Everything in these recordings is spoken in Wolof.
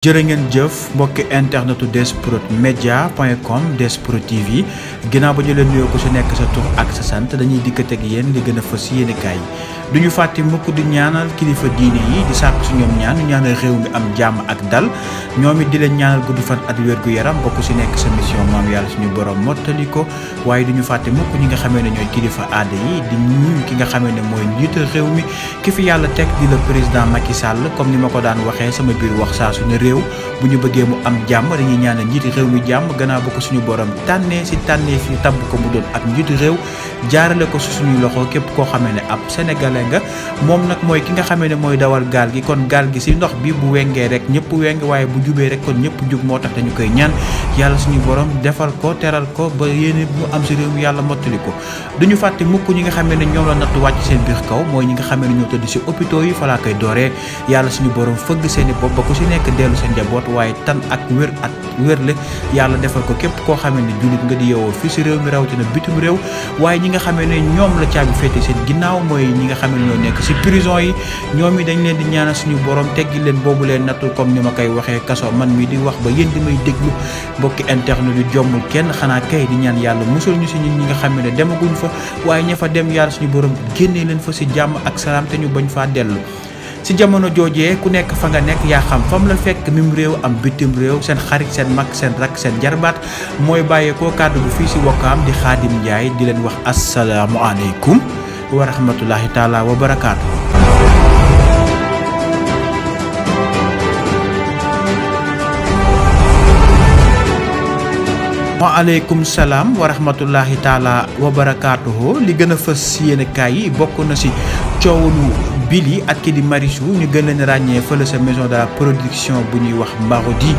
jërë ngeen jëf mbokki internetu DS Prod Media point com DS Prod TV ginnaaw ba ñu leen nuyoo ku si nekk sa tur ak sa sant dañuy dikkat ak yéen li gën a fës yéene kaay du ñu fàtte mukk di ñaanal kilifa diine yi di sàkk su ñoom ñaan ñaanal réew mi am jàmm ak dal ñoom it di leen ñaanal gudd fan at wér gu yaram mbokk si nekk sa mission maam yàlla suñu borom mottali ko waaye du ñu fàtte mukk ñi nga xamee ne ñooy kilifa aada yi di ñuy ki nga xamee ne mooy njiital réew mi ki fi yàlla teg di le président Sall comme ni ma ko daan waxee sama biir wax saa réew bu ñu bëggee mu am jàmm dañuy ñaanal njiitu réew mi jàmm gannaaw ba ko suñu borom tànnee si tànnee fi tabb ko mu doon ab njiitu réew jaarale ko si loxo képp koo xamee ne ab sénégalais nga moom nag mooy ki nga xamee ne mooy dawal gaal gi kon gaal gi si ndox bi bu wengee rek ñëpp weng waaye bu jubee rek kon ñëpp jub moo tax dañu koy ñaan yàlla suñu borom defal ko teral ko ba yéene bu am si réew mi yàlla mottali ko duñu fàtte mukk ñi nga xamee ne ñoom la natt wàcc seen biir kaw mooy sa njaboot waaye tan ak wér ak wérle yàlla defal ko képp koo xamee ne jullit nga di yeewoo fii si réew mi rawatina bitum réew waaye ñi nga xamee ne ñoom la caabi féete seen ginnaaw mooy ñi nga xamee ne ñoo nekk si prison yi ñoom yi dañ leen di ñaanal suñu borom teggi leen boobu leen nattu comme ni ma koy waxee kaso man mi di wax ba yéen di may déglu mbokki interne yu jommul kenn xanaa kay di ñaan yàlla musul ñu si ñun ñi nga xamee ne demaguñ fa waaye ña fa dem yàlla suñu borom génnee leen fa si jàmm ak salaam te ñu bañ faa dellu ci jamono joojee ku nekk fa nga nekk yaa xam fam la fekk mim réew am bitim réew seen xarit seen mag seen rak seen jarbaat mooy bàyyeekoo kàddu bu fii ci Wakaam di Xaadim Njaay di leen wax asalaamualeykum wa rahmatullahi taala wa barakaatu. salaam wa rahmatullahi taala wa barakaatuhu li gën a fës yéen kaay yi bokk na ci coow lu Billy ak kii di Marichou ñu gën leen ràññee fële sa maison de la production bu ñuy wax Marodi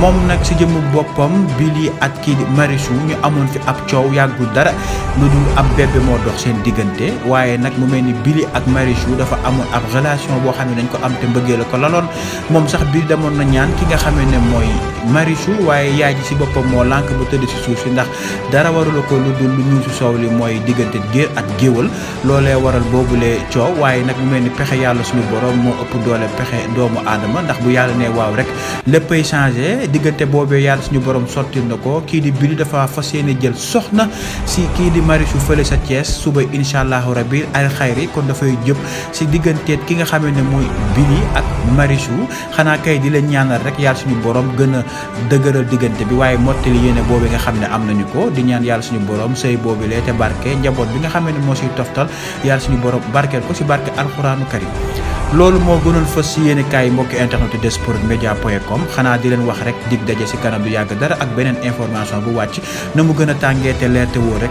moom nag si jëmu boppam Billy ak kii di Marichou ñu amoon fi ab coow yàggul dara lu dul ab bébé moo dox seen diggante waaye nag mu mel ni Billy ak Marichou dafa amoon ab relation boo xam ne dañ ko am te mbëggee la ko laloon moom sax Billy demoon na ñaan ki nga xamee ne mooy Marichou waaye yaay ji si boppam moo lànk bu tëdd si suuf si ndax dara warul ko lu dul lu ñu si soow li mooy diggante géer ak géwal pexe yàlla suñu borom moo ëpp doole pexe doomu aadama ndax bu yàlla ne waaw rek léppay changé diggante boobee yàlla suñu borom sotti na ko kii di biri dafa fas yéene jël soxna si kii di marisu fële sa cees suba incha allahu rabi al xayri kon dafay jëpp si digganteet ki nga xamee ne mooy biri ak marisu xanaa kay di leen ñaanal rek yàlla suñu borom gën a dëgëral diggante bi waaye mottali yéene boobee nga xam ne am nañu ko di ñaan yàlla suñu borom sëy boobu lee te barke njaboot bi nga xamee ne moo si barke Karim loolu moo gënoon fës si yéen i kaay mbokki internet des sports média point com xanaa di leen wax rek dig daje si kanam du yàgg dara ak beneen information bu wàcc na mu gën a tàngee te leer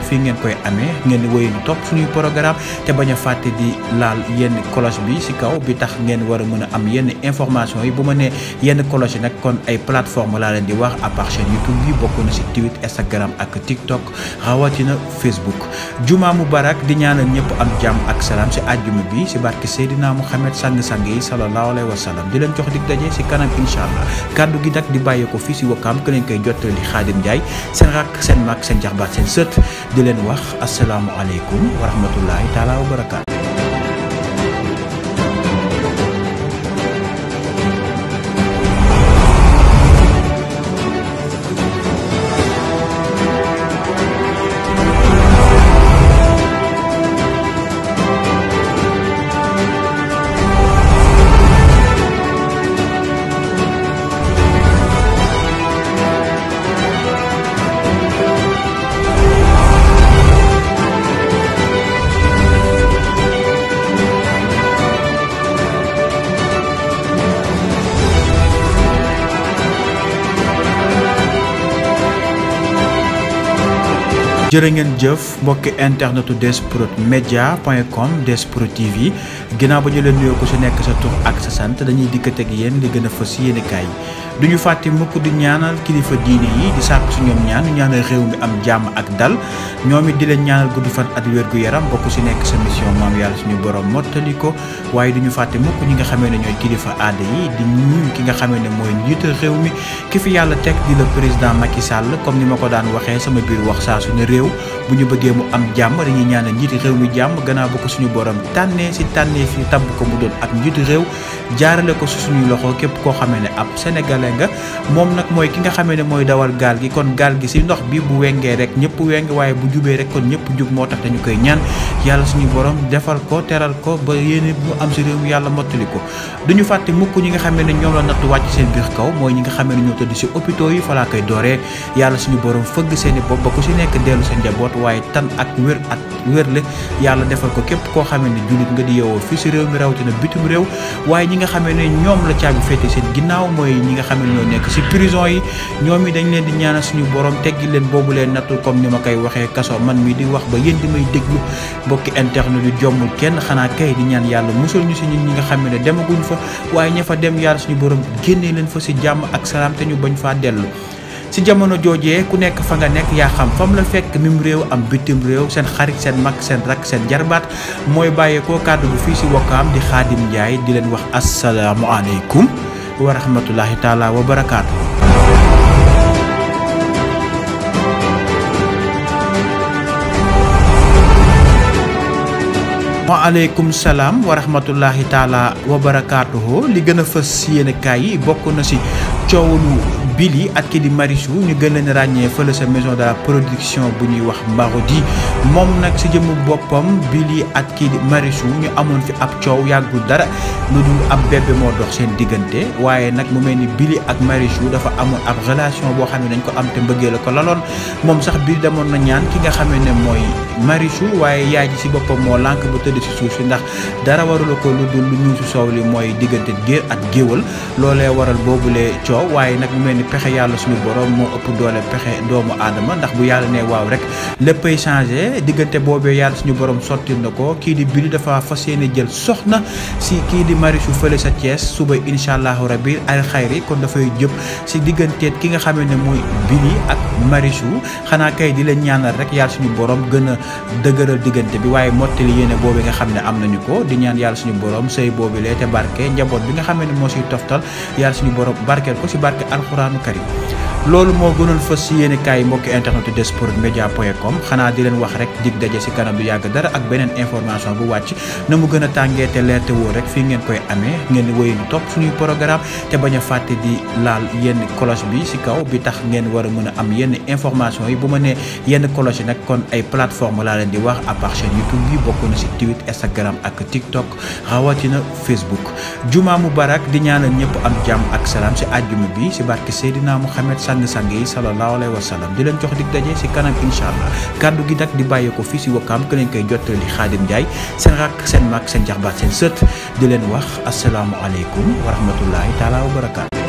fii ngeen koy amee ngeen wéy ñu topp suñuy programme te bañ a fàtte di laal yenn cloche bi si kaw bi tax ngeen war a mën a am yenn information yi bu ma nee yenn cloche yi nag kon ay plateforme laa leen di wax à part chaîne YouTube bi bokk na si Twitter Instagram ak TikTok rawatina Facebook juma mubarak di ñaanal ñëpp am jàmm ak salaam si àjjuma bi si barke Seydina sang-sang yi sallallahu alayhi wa sallam di leen jox dig daje si kanam incha allah kàddu gi nag di bàyyee ko fii si wakkaam ku leen koy jottali Xaadim Njaay seen rakk seen mag seen jaxbaat seen sët di leen wax asalaamualeykum wa rahmatullahi taala wa barakaatu jërë ngeen jëf mbokki internetu DS Prod Media point com DS Prod TV ginnaaw ba ñu leen nuyoo ku si nekk sa tur ak sa sant dañuy dikkateeg yéen li gën a fës si i yi duñu fàtte mukk di ñaanal kilifa diine yi di sàkk su ñoom ñaan ñaanal réew mi am jàmm ak dal ñoom it di leen ñaanal gudd fan ak gu yaram bokk si nekk sa mission maam yàlla suñu borom mottali ko waaye duñu fàtte mukk ñi nga xamee ne ñooy kilifa aada yi di ñuy ki nga xamee ne mooy njiital réew mi ki fi yàlla teg di la président Macky Sall comme ni ma ko daan waxee sama biir wax saa ne réew bu ñu bëggee mu am jàmm dañuy ñaanal njiiti réew mi jàmm gannaaw ba ko suñu borom tànnee si tànnee fi tabb ko mu doon ab njiitu réew jaarale ko si suñuy loxo képp koo xamee ne ab Sénégal sénégalais nga moom nag mooy ki nga xamee ne mooy dawal gaal gi kon gaal gi si ndox bi bu wengee rek ñëpp weng waaye bu jubee rek kon ñëpp jub moo tax dañu koy ñaan yàlla suñu borom defal ko teral ko ba yéene bu am si réew mi yàlla mottali ko duñu fàtte mukk ñi nga xamee ne ñoom la natt wàcc seen biir kaw mooy ñi nga xamee ne ñoo tëdd si hôpitaux yi fa laa koy dooree yàlla suñu borom fëgg seen i bopp ba si nekk dellu seen njaboot waaye tan ak wér at wérle yàlla defal ko képp koo xamee ne nga di yeewoo fii si réew mi rawatina bitum réew ñoom la caabi féete seen ginnaaw mooy ñi nga xam ne ñoo nekk ci prison yi ñoom dañ leen di ñaanal suñu borom teggi leen boobu leen nattu comme ni ma koy waxee kaso man mi di wax ba yéen di may déglu mbokki interne yu jombul kenn xanaa kay di ñaan yàlla musul ñu ñun ñi nga xam ne demaguñ fa waaye ña fa dem yàlla suñu borom génnee leen fa ci jàmm ak salaam ñu bañ faa dellu. ci jamono joojee ku nekk fa nga nekk yaa xam fam la fekk mim réew am bitim réew seen xarit seen mag seen rak seen jarbaat mooy bàyyeekoo kàddu bu fii ci Wakaam di Xaadim Njaay di leen wax asalaamualeykum wa rahmatullahi salaam wa rahmatullahi taala wa barakaatuhu li gën a fës yéen kaay bokk na ci coow lu Billy ak kii di Marichou ñu gën leen ràññee fële sa maison de la production bu ñuy wax Marodi moom nag si jëmu boppam Billy ak kii di Marichou ñu amoon fi ab coow yàggul dara lu dul ab bébé moo dox seen diggante waaye nag mu mel ni Billy ak Marichou dafa amoon ab relation boo xam ne dañ ko am te mbëggee la ko laloon moom sax Billy demoon na ñaan ki nga xamee ne mooy Marichou waaye yaay ji si boppam moo lànk bu tëdd si suuf si ndax dara warula ko lu dul lu ñu si soow li mooy diggante géer ak géwal ni pexe yàlla suñu borom moo ëpp doole pexe doomu aadama ndax bu yàlla ne waaw rek léppay changé diggante boobee yàlla suñu borom sottil na ko kii di Billy dafa fas yéene jël soxna si kii di Marichou fële sa Thiès suba incha bi ay alxayri kon dafay jëp si digganteet ki nga xamee ne mooy Billy ak. Marichou xanaa kay di leen ñaanal rek yàlla suñu borom gën a dëgëral diggante bi waaye mottali yéene boobu nga xam ne am nañu ko di ñaan yàlla suñu borom sëy boobu lee te barke njaboot bi nga xam ne moo siy toftal yàlla suñu borom barkeel ko si barke alxuraanu karim loolu moo gënoon fës si yéen i kaay mbokki internet des sports média com xanaa di leen wax rek dig daje si kanam du yàgg dara ak beneen information bu wàcc na mu gën a tàngee te leer te wóor rek fii ngeen koy amee ngeen wéy ni topp suñuy programme te bañ a fàtte di laal yenn cloche bi si kaw bi tax ngeen war a mën a am yenn information yi bu ma nee yenn cloche yi nag kon ay plateforme laa leen di wax à part chaîne YouTube bi bokk na si Twitter Instagram ak TikTok rawatina Facebook juma mubarak di ñaanal ñëpp am jàmm ak salaam si àjjuma bi si barke sang-sang yi sallallahu alayhi wa sallam di leen jox dig daje si kanam incha allah kàddu gi nag di bàyyee ko fii si wakkaam ke leen koy jottali Xaadim Njaay seen rakk seen mag seen jaxbaat seen sët di leen wax asalaamualeykum wa rahmatullahi taala wa barakaatu